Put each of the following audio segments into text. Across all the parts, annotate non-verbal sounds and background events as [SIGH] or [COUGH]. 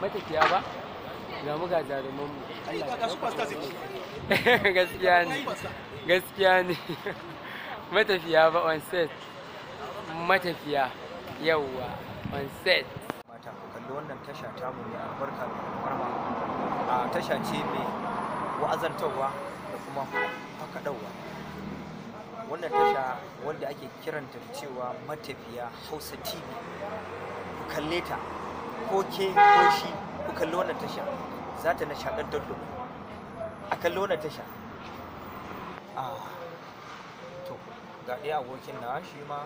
matafiya ba ga mu ga jaruman mu [LAUGHS] gaskiya ne gaskiya ne [LAUGHS] matafiya ba on set matafiya yawa, on set mata kalli wannan tasha ta mu ne albarka da marma a tasha ce mai wa'azantarwa da kuma dawa wannan tasha wanda ake kiranta da cewa matafiya hausa tv kalle ta ko ke ko shi ku kalli wannan tasha za ta nishaɗantar da ku a kalli wannan tasha ah, to ga ɗaya abokin na shi ma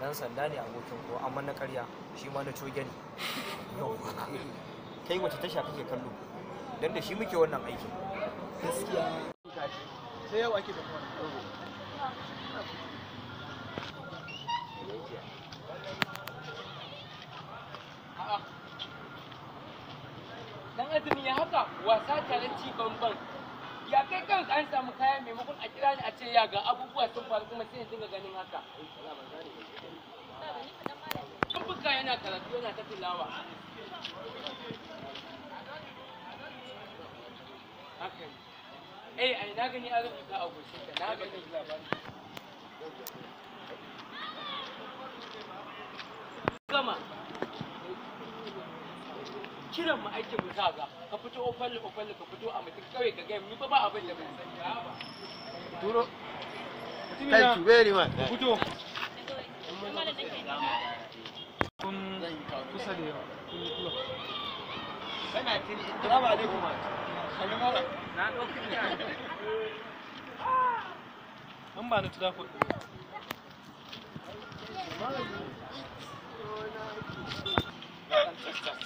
dan sanda ne abokin ko amma na karya shi ma na coge ne kai wace tasha kake kallo don da shi muke wannan aiki. gaskiya sai yau ake da azumi ya haka wasa tare ci bamban ya kai kanka an samu kaya maimakon a kira ni a ce ya ga abubuwa sun faru kuma sai yanzu ganin haka an yana karatu yana ta filawa. haka eh ai na gani an rubuta a goshin ka na gani labarin gama kiran mu aikin mu za ka fito ofalli ofalli ka fito a mutum kawai ka gaya mu ba abin da bai sani ba duro thank you very much fito kun kusa da yawa kun kula kana tiri assalamu alaikum sallama na dauki an ba ni tuda ku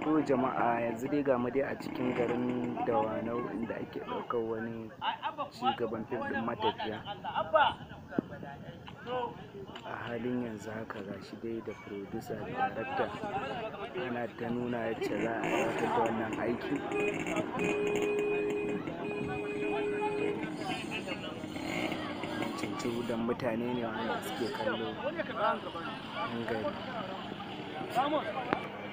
to jama'a yanzu dai ga dai a cikin garin dawanau inda ake ɗaukar wani shugaban fim ɗin matafiya a halin yanzu haka ga shi dai da producer da darakta ana ta nuna yadda za a aiwatar da wannan aiki cancin don mutane ne wanda suke kallo gari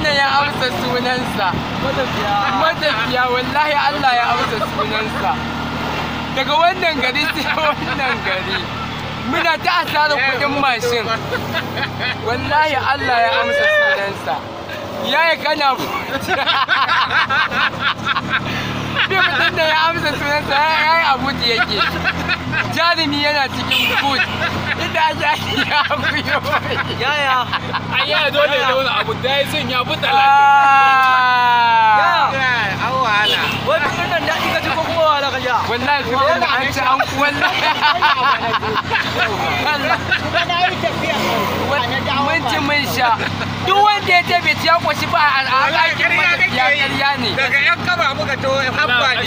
wannan ya amsa sunansa matafiya wallahi Allah ya amsa sunansa daga wannan gari sai [LAUGHS] wannan gari muna ta asara kudin mashin wallahi Allah ya amsa sunansa ya yi kana bi [LAUGHS] mutum da ya amsa sunansa ya yi abu da yake jarumi yana cikin boot Ya, ya, Ayah Ayah Ayah Ayah Ayah Ayah Ayah Ayah Ayah Ayah Ayah wallahi kuma an ci an wallahi mun ci mun sha duk wanda ya tabe ya kwashi ba a al'aƙin matafiya ƙarya ne daga yan kaba muka to hamba ne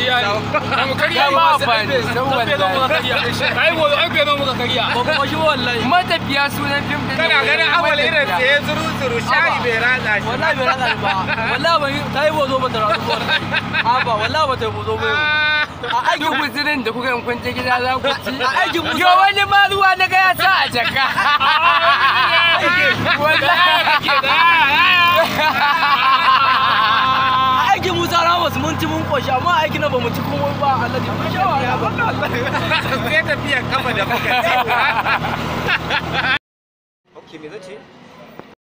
kariya ma ba ne san wallahi kai wo ai bai muka kariya ba ko shi wallahi matafiya sunan fim din kana ganin awal irin da ya zuru zuru shayi bai ratsa zo da ba zo [LAUGHS] a aikin da kuka kun je gida za ku ci a aikin Musa. ga wani ma ruwa na ga ya sa a jaka [LAUGHS] a aikin musa na wasu mun ci mun koshi amma aiki na ci kuma ba alhaji mun shawa ya ba sai kafa da kuka ci [LAUGHS] ok me zace